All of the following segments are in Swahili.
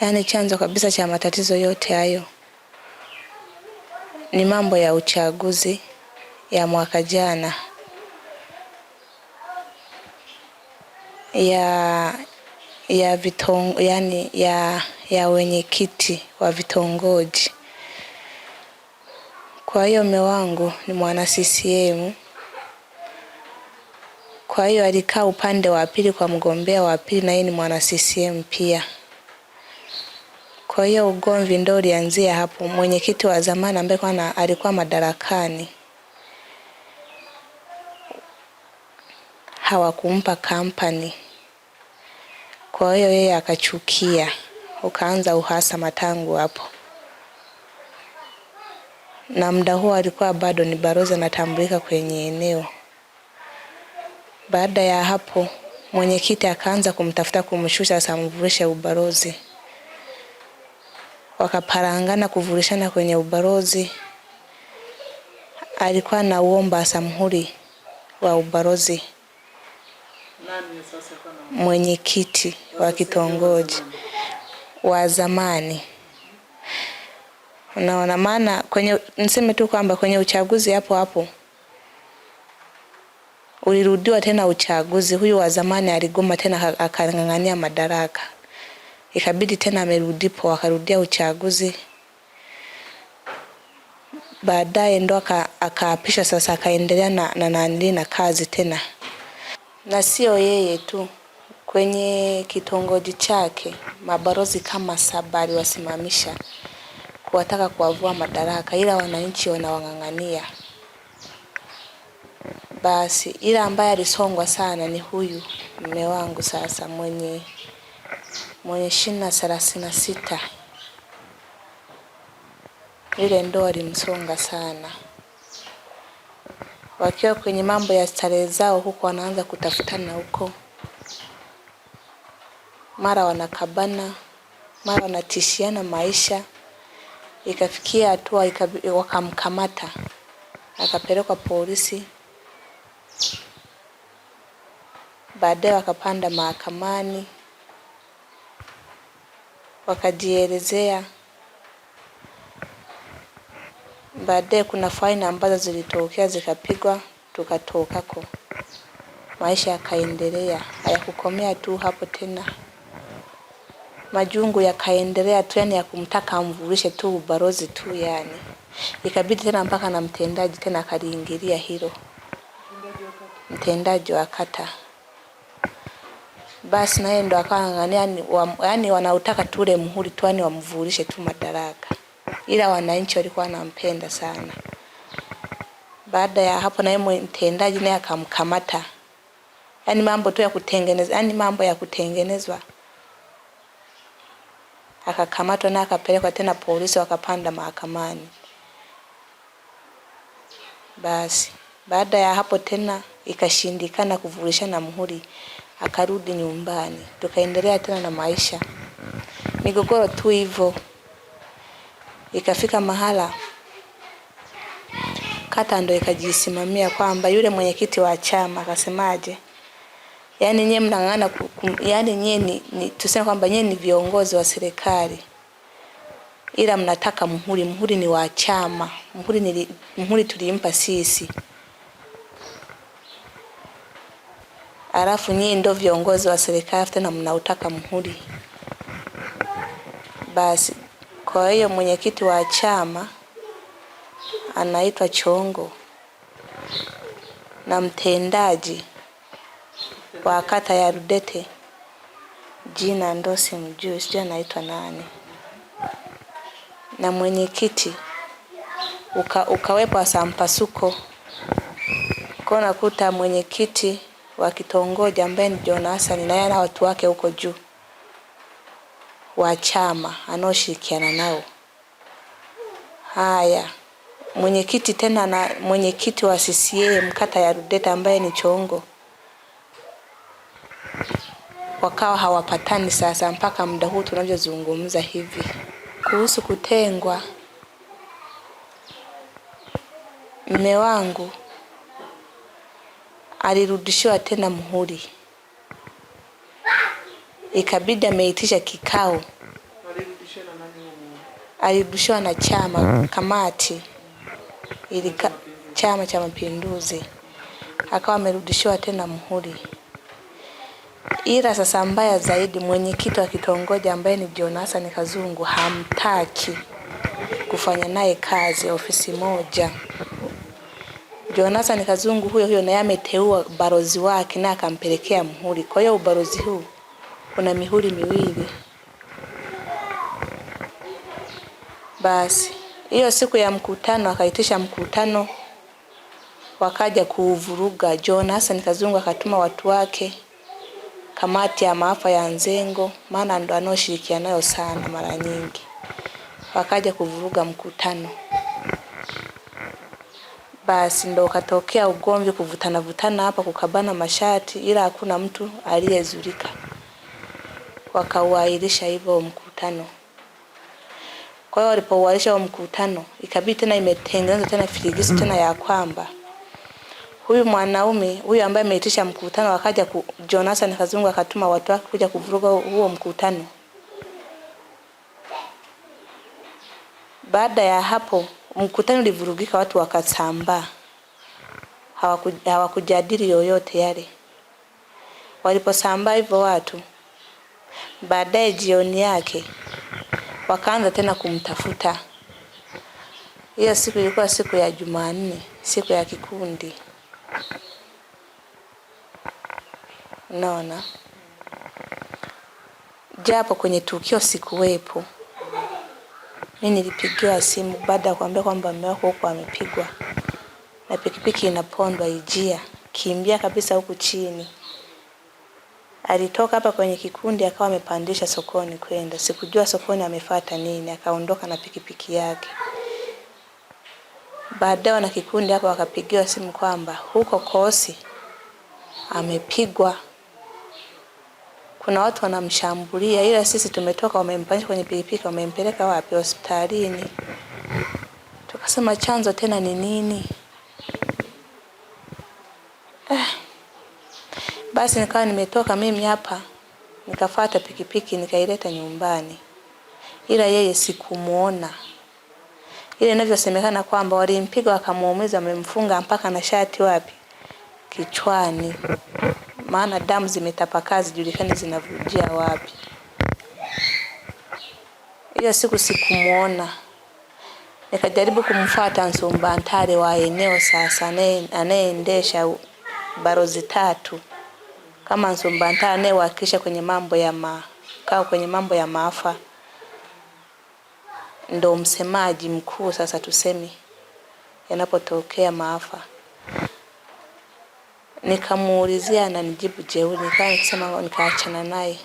Yaani chanzo kabisa cha matatizo yote hayo ni mambo ya uchaguzi ya mwaka jana ya ya vitong, yani ya ya wenyekiti wa vitongoji. Kwa hiyo mume wangu ni mwana CCM, kwa hiyo alikaa upande wa pili kwa mgombea wa pili, na yeye ni mwana CCM pia. Kwa hiyo ugomvi ndio ulianzia hapo. Mwenyekiti wa zamani ambaye alikuwa madarakani hawakumpa kampani, kwa hiyo yeye akachukia, ukaanza uhasama tangu hapo, na muda huo alikuwa bado ni balozi anatambulika kwenye eneo. Baada ya hapo, mwenyekiti akaanza kumtafuta kumshusha, asamvulishe ubalozi wakaparangana kuvulishana kwenye ubarozi Alikuwa nauomba samhuri wa ubarozi mwenyekiti wa kitongoji wa zamani. Unaona, maana kwenye niseme tu kwamba kwenye uchaguzi hapo hapo ulirudiwa tena uchaguzi, huyu wa zamani aligoma tena akang'ang'ania madaraka ikabidi tena amerudipo, akarudia uchaguzi baadaye ndo akaapishwa. Sasa akaendelea na na, na, na kazi tena, na sio yeye tu, kwenye kitongoji chake mabarozi kama saba aliwasimamisha kuwataka kuwavua madaraka, ila wananchi wanawang'ang'ania. Basi ila ambaye alisongwa sana ni huyu mme wangu sasa mwenye mwenye shina thelathini na sita. Lile ndoa alimsonga sana. Wakiwa kwenye mambo ya starehe zao huko, wanaanza kutafutana huko, mara wanakabana, mara wanatishiana maisha. Ikafikia hatua wakamkamata, akapelekwa polisi, baadaye wakapanda mahakamani wakajielezea. Baadaye kuna faini ambazo zilitokea zikapigwa, tukatokako. Maisha yakaendelea, hayakukomea tu hapo tena. Majungu yakaendelea tu, yani ya kumtaka amvulishe tu ubalozi tu, yani ikabidi tena mpaka na mtendaji tena akaliingilia hilo, mtendaji wa kata basi naye ndo akang'ang'ania, yani wanautaka tule muhuri tu, yani wamvulishe tu madaraka, ila wananchi walikuwa wanampenda sana. Baada ya hapo, naye mtendaji naye akamkamata, yani mambo tu ya kutengeneza, yani mambo ya kutengenezwa akakamatwa na akapelekwa tena polisi, wakapanda mahakamani. Basi baada ya hapo tena ikashindikana kuvulishana muhuri, akarudi nyumbani, tukaendelea tena na maisha. Migogoro tu hivyo, ikafika mahala kata ndo ikajisimamia kwamba yule mwenyekiti wa chama akasemaje, yani nyie mnang'ana, yani nyie ni, ni tuseme kwamba nyie ni viongozi wa serikali ila mnataka muhuri, muhuri ni wa chama, muhuri, muhuri tulimpa sisi. Alafu nyinyi ndio viongozi wa serikali tena mnautaka muhuri. Basi kwa hiyo mwenyekiti wa chama anaitwa Chongo na mtendaji wa kata ya Rudete jina ndo simjui, sijui anaitwa nani, na mwenyekiti uka, ukawepo asampasuko kwa nakuta mwenyekiti wa kitongoji ambaye ni John Hassan na yana watu wake huko juu wa chama anaoshirikiana nao. Haya, mwenyekiti tena na mwenyekiti wa CCM kata ya Rudeta ambaye ni Chongo wakawa hawapatani sasa mpaka muda huu tunavyozungumza hivi. Kuhusu kutengwa, mme wangu alirudishiwa tena muhuri, ikabidi ameitisha kikao. Alirudishiwa na chama hmm? kamati ilika, Chama cha Mapinduzi, akawa amerudishiwa tena muhuri. Ila sasa mbaya zaidi, mwenyekiti wa kitongoji ambaye ni John Hassan Kazungu hamtaki kufanya naye kazi ofisi moja. Jonathan Kazungu huyo huyo naye ameteua balozi wake na akampelekea muhuri. Kwa hiyo ubalozi huu kuna mihuri miwili. Basi hiyo siku ya mkutano akaitisha mkutano, wakaja kuuvuruga. Jonathan Kazungu akatuma watu wake, kamati ya maafa ya Nzengo, maana ndo anaoshirikiana nayo sana mara nyingi, wakaja kuvuruga mkutano basi ndo katokea ugomvi, kuvutana vutana hapa, kukabana mashati, ila hakuna mtu aliyezulika. Wakauahirisha hivyo mkutano. Kwa hiyo walipouahirisha mkutano, ikabidi tena imetengenezwa tena filigisi tena ya kwamba huyu mwanaume huyu ambaye ameitisha mkutano akaja ku, Jonathan Kazungu akatuma watu wake kuja kuvuruga huo mkutano. Baada ya hapo mkutano ulivurugika, watu wakasambaa, hawakujadili yoyote yale. Waliposambaa hivyo watu, baadaye jioni yake wakaanza tena kumtafuta. Hiyo siku ilikuwa siku ya Jumanne, siku ya kikundi. naona japo kwenye tukio sikuwepo mi nilipigiwa simu baada ya kuambia kwamba mume wako huko amepigwa na pikipiki inapondwa ijia, kimbia kabisa huku chini. Alitoka hapa kwenye kikundi akawa amepandisha sokoni kwenda, sikujua sokoni amefata nini, akaondoka na pikipiki yake. Baadaye wana kikundi hapa wakapigiwa simu kwamba huko Kosi amepigwa kuna watu wanamshambulia, ila sisi tumetoka, wamempanisha kwenye pikipiki, wamempeleka wapi? Hospitalini. Tukasema chanzo tena ni nini? Eh, basi nikawa nimetoka mimi hapa, nikafata pikipiki nikaileta nyumbani, ila yeye sikumuona. Ile inavyosemekana kwamba walimpiga wakamuumiza, wamemfunga mpaka na shati wapi kichwani maana damu zimetapakaa, zijulikane zinavujia wapi. Hiyo siku sikumuona, nikajaribu kumfuata Ntare wa eneo sasa, anayeendesha barozi tatu kama Ntare anayewakilisha kwenye mambo ya makao, kwenye mambo ya maafa, ndo msemaji mkuu sasa, tuseme yanapotokea maafa Nikamuulizia nijibu jeuri, nikaa nikisema nikaachana naye.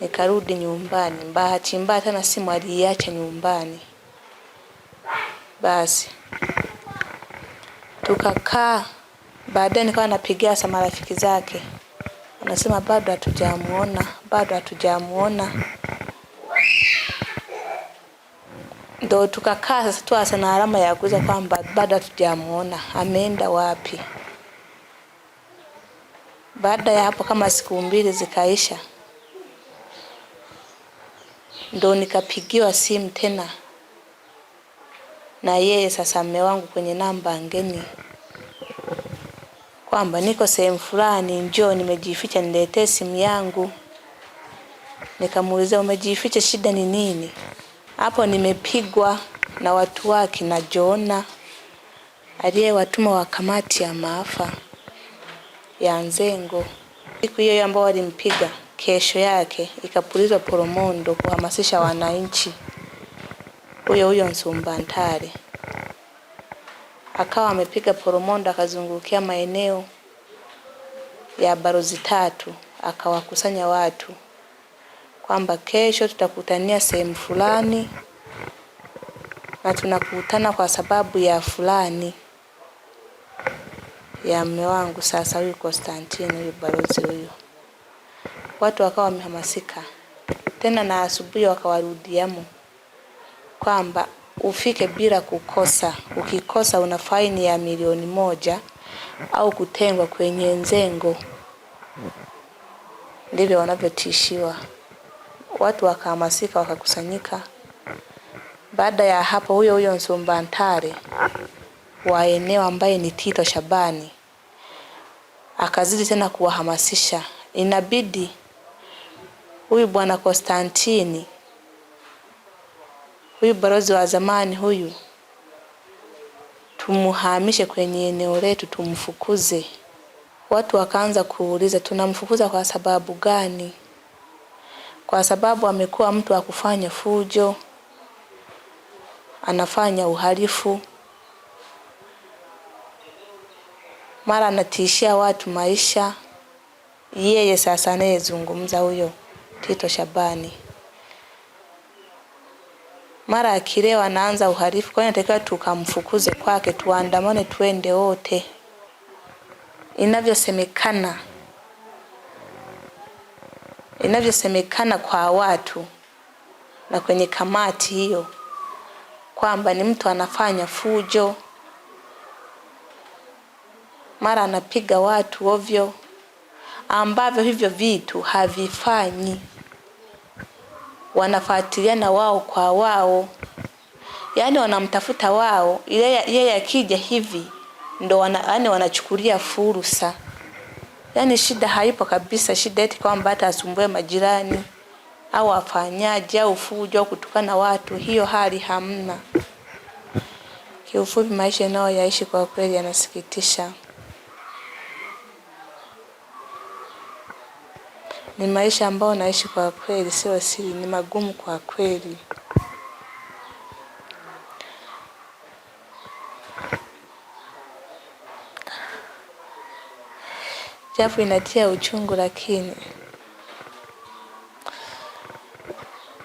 Nikarudi nyumbani, bahati mbaya tena simu aliiacha nyumbani. Basi tukakaa, baadaye nikawa napigia sa marafiki zake, anasema bado hatujamuona, bado hatujamuona. Ndo tukakaa sasa tu asana alama ya kuuliza kwamba bado hatujamuona, ameenda wapi? Baada ya hapo kama siku mbili zikaisha, ndo nikapigiwa simu tena na yeye sasa mme wangu kwenye namba ngeni, kwamba niko sehemu fulani, njoo nimejificha, niletee simu yangu. Nikamuuliza, umejificha shida ni nini? Hapo nimepigwa na watu wake na Jona aliyewatuma wa kamati ya maafa ya Nzengo. Siku hiyo ambayo walimpiga, kesho yake ikapulizwa poromondo kuhamasisha wananchi. Huyo huyo Ntare akawa amepiga poromondo, akazungukia maeneo ya barozi tatu, akawakusanya watu kwamba kesho tutakutania sehemu fulani na tunakutana kwa sababu ya fulani ya mme wangu sasa, huyu Konstantine, huyu balozi huyu. Watu wakawa wamehamasika tena, na asubuhi wakawarudiamo kwamba ufike bila kukosa, ukikosa una faini ya milioni moja au kutengwa kwenye nzengo. Ndivyo wanavyotishiwa watu, wakahamasika wakakusanyika. Baada ya hapo, huyo huyo Nsumbantare wa eneo ambaye ni Tito Shabani akazidi tena kuwahamasisha, inabidi huyu bwana Konstantini huyu balozi wa zamani huyu tumuhamishe kwenye eneo letu, tumfukuze. Watu wakaanza kuuliza tunamfukuza kwa sababu gani? Kwa sababu amekuwa mtu wa kufanya fujo, anafanya uhalifu. mara anatishia watu maisha. Yeye sasa anayezungumza huyo Tito Shabani mara akilewa anaanza uhalifu. Kwa hiyo tukamfukuze kwake, tuandamane, twende wote inavyosemekana, inavyosemekana kwa watu na kwenye kamati hiyo kwamba ni mtu anafanya fujo mara anapiga watu ovyo, ambavyo hivyo vitu havifanyi. Wanafuatiliana wao kwa wao, yaani wanamtafuta wao, yeye akija hivi ndo wana, yani wanachukulia fursa. Yaani shida haipo kabisa, shida eti kwamba hata asumbue majirani au afanyaje au fujo au kutukana watu, hiyo hali hamna. Kiufupi, maisha nao yaishi kwa kweli yanasikitisha. Ni maisha ambayo naishi kwa kweli, sio siri, ni magumu kwa kweli. Japo inatia uchungu, lakini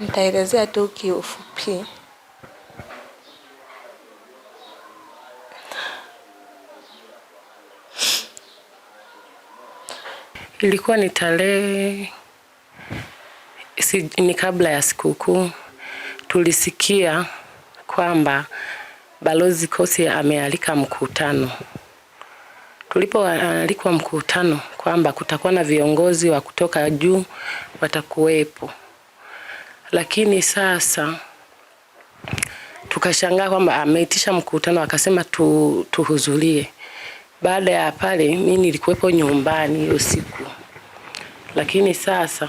nitaelezea tu kiufupi. ilikuwa ni tarehe si, ni kabla ya sikukuu. Tulisikia kwamba balozi Kosi amealika mkutano. Tulipoalikwa mkutano kwamba kutakuwa na viongozi wa kutoka juu watakuwepo, lakini sasa tukashangaa kwamba ameitisha mkutano, akasema tu, tuhudhurie baada ya pale, mimi nilikuwepo nyumbani hiyo siku, lakini sasa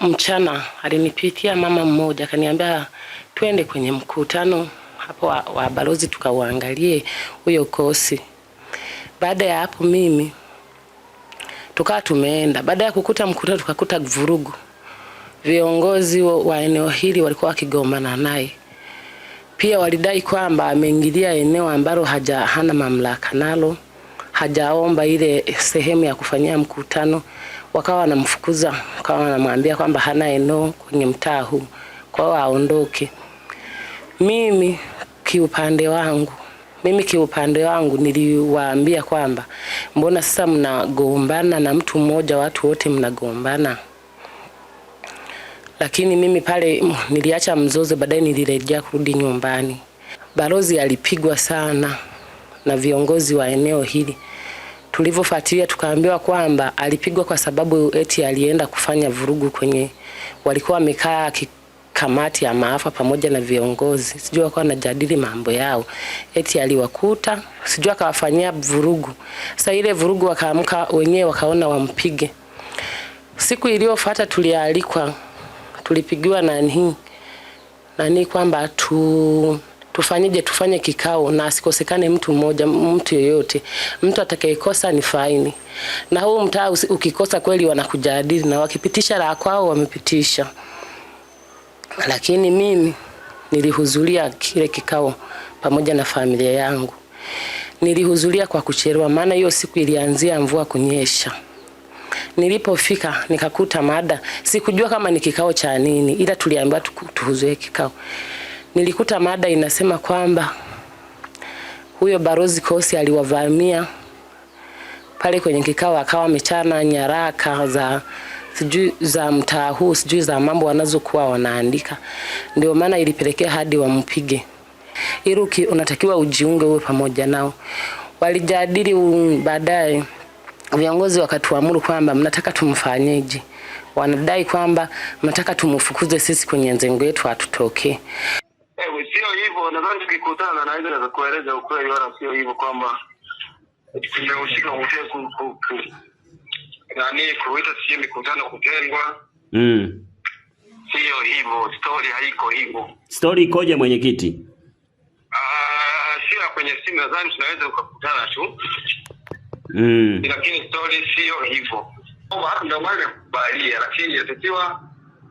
mchana alinipitia mama mmoja akaniambia twende kwenye mkutano hapo wa, wa balozi tukauangalie huyo kosi. Baada ya hapo mimi tukawa tumeenda. Baada ya kukuta mkutano, tukakuta vurugu, viongozi wa eneo hili walikuwa wakigombana naye pia walidai kwamba ameingilia eneo ambalo haja hana mamlaka nalo, hajaomba ile sehemu ya kufanyia mkutano. Wakawa wanamfukuza, wakawa wanamwambia kwamba hana eneo kwenye mtaa huu, kwa hiyo aondoke. Mimi kiupande wangu mimi kiupande wangu niliwaambia kwamba mbona sasa mnagombana na mtu mmoja, watu wote mnagombana? lakini mimi pale mm, niliacha mzozo, baadaye nilirejea kurudi nyumbani. Balozi alipigwa sana na viongozi wa eneo hili. Tulivyofuatilia tukaambiwa kwamba alipigwa kwa sababu eti alienda kufanya vurugu kwenye, walikuwa wamekaa kamati ya maafa pamoja na viongozi, sijui wakawa wanajadili mambo yao, eti aliwakuta, sijui akawafanyia vurugu. Sasa ile vurugu wakaamka wenyewe wakaona wampige. Siku iliyofuata tulialikwa tulipigiwa nani nani kwamba tu tufanyeje, tufanye kikao na asikosekane mtu mmoja, mtu yoyote. Mtu atakayekosa ni faini, na huu mtaa ukikosa kweli wanakujadili, na wakipitisha la kwao wamepitisha. Lakini mimi nilihudhuria kile kikao pamoja na familia yangu, nilihudhuria kwa kuchelewa, maana hiyo siku ilianzia mvua kunyesha. Nilipofika nikakuta mada, sikujua kama ni kikao cha nini, ila tuliambiwa tuhudhurie kikao. Nilikuta mada inasema kwamba huyo Balozi Kosi aliwavamia pale kwenye kikao, akawa amechana nyaraka za sijui za mtaa huu, sijui za mambo wanazokuwa wanaandika, ndio maana ilipelekea hadi wampige. Iruki unatakiwa ujiunge uwe pamoja nao. Walijadili um, baadaye viongozi wakatuamuru kwamba mnataka tumfanyeje? Wanadai kwamba mnataka tumfukuze sisi kwenye nzengo yetu, hatutoke. Ewe sio hivyo, nadhani tukikutana na hizo naweza kueleza ukweli, wala sio hivyo kwamba tumehusika nani kuita sio mikutano kutengwa. Mm, sio hivyo, story haiko hivyo. Story ikoje mwenyekiti? Uh, sio kwenye simu, nadhani tunaweza kukutana tu mm. Lakini story sio hivyo, ndio maana nakubalia, lakini inatakiwa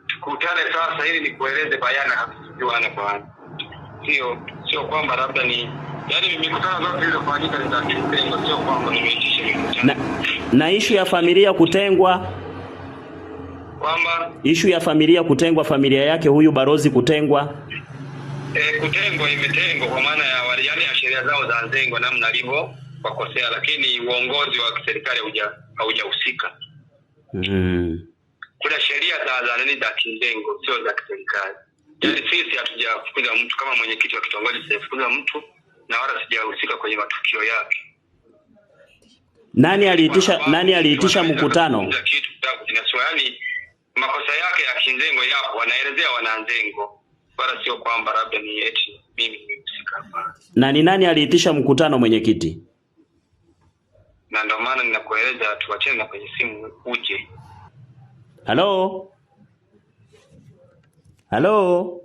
tukutane sasa, ili nikueleze bayana kwa sio sio kwamba labda ni yani mikutano zote ni za kitengo, sio kwamba nimeitisha mikutano na ishu ya familia kutengwa kwamba ishu ya familia kutengwa, familia yake huyu barozi kutengwa e, kutengwa imetengwa kwa maana ya waliani ya sheria zao za Nzengo namna alivyo wakosea, lakini uongozi wa serikali haujahusika. Mm. Kuna sheria za za za kindengo, sio za kiserikali. yani mm. sisi hatujafukuza mtu, kama mwenyekiti wa kitongoji sijafukuza mtu na wala sijahusika kwenye matukio yake. Nani aliitisha nani aliitisha mkutano? Yaani makosa yake ya kindengo yapo, wanaelezea wananzengo, wala sio kwamba labda ni eti mimi nimehusika. Na ni nani aliitisha mkutano mwenyekiti? na ndio maana ninakueleza tuachane na kwenye simu uje. Halo, halo.